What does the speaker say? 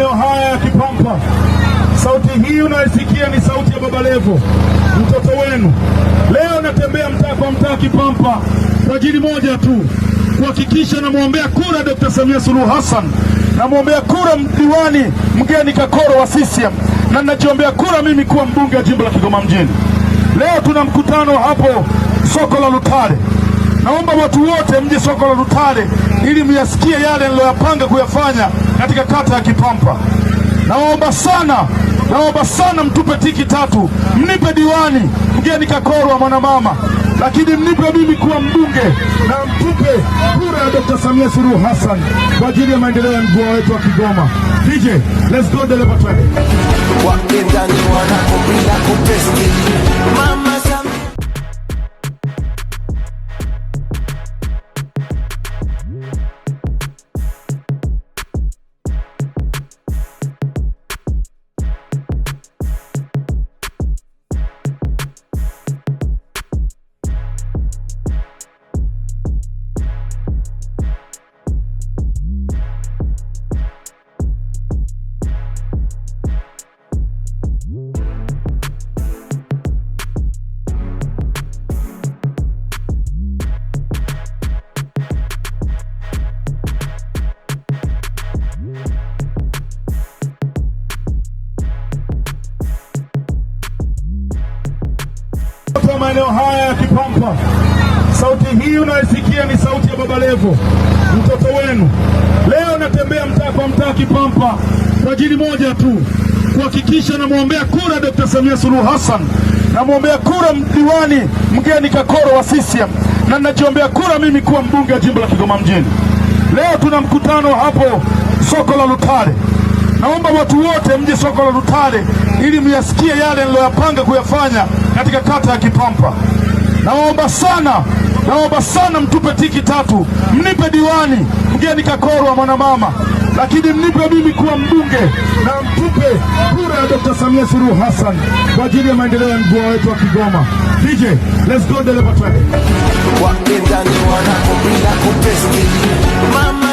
maeneo haya ya Kipampa. Sauti hii unaisikia ni sauti ya Baba Levo, mtoto wenu. Leo natembea mtaa kwa mtaa Kipampa kwa ajili moja tu, kuhakikisha namwombea kura Dr. Samia Suluhu Hassan, namwombea kura mdiwani mgeni Kakoro wa CCM, na ninajiombea kura mimi kuwa mbunge wa jimbo la Kigoma Mjini. Leo tuna mkutano hapo soko la Lutare. Naomba watu wote mje soko la Rutare ili myasikie yale niliyoyapanga kuyafanya katika kata ya Kipampa. Naomba sana, naomba sana mtupe tiki tatu, mnipe diwani mgeni Kakorwa mwanamama, lakini mnipe mimi kuwa mbunge na mtupe kura ya Dr. Samia Suluhu Hassan kwa ajili ya maendeleo ya mkoa wetu wa Kigoma. DJ, let's go deleva Wakenda ni wanakopenda kupesti mama maeneo haya ya Kipampa. Sauti hii unayosikia ni sauti ya Baba Levo, mtoto wenu. Leo natembea mtaa kwa mtaa Kipampa kwa ajili moja tu, kuhakikisha namwombea kura Dr. Samia Suluhu Hassan, namwombea kura mdiwani mgeni Kakoro wa CCM, na ninajiombea kura mimi kuwa mbunge wa jimbo la Kigoma mjini. Leo tuna mkutano hapo soko la Lutare. Naomba watu wote mje soko la Lutare ili myasikie yale niloyapanga kuyafanya katika kata ya Kipampa. Naomba sana, naomba sana mtupe tiki tatu, mnipe diwani mgeni Kakorwa mwanamama, lakini mnipe mimi kuwa mbunge na mtupe kura ya Dr. Samia Suluhu Hassan kwa ajili ya maendeleo ya mkoa wetu wa Kigoma. DJ, let's go, dereva ni Wapinzani wanakupinda kutesti. mama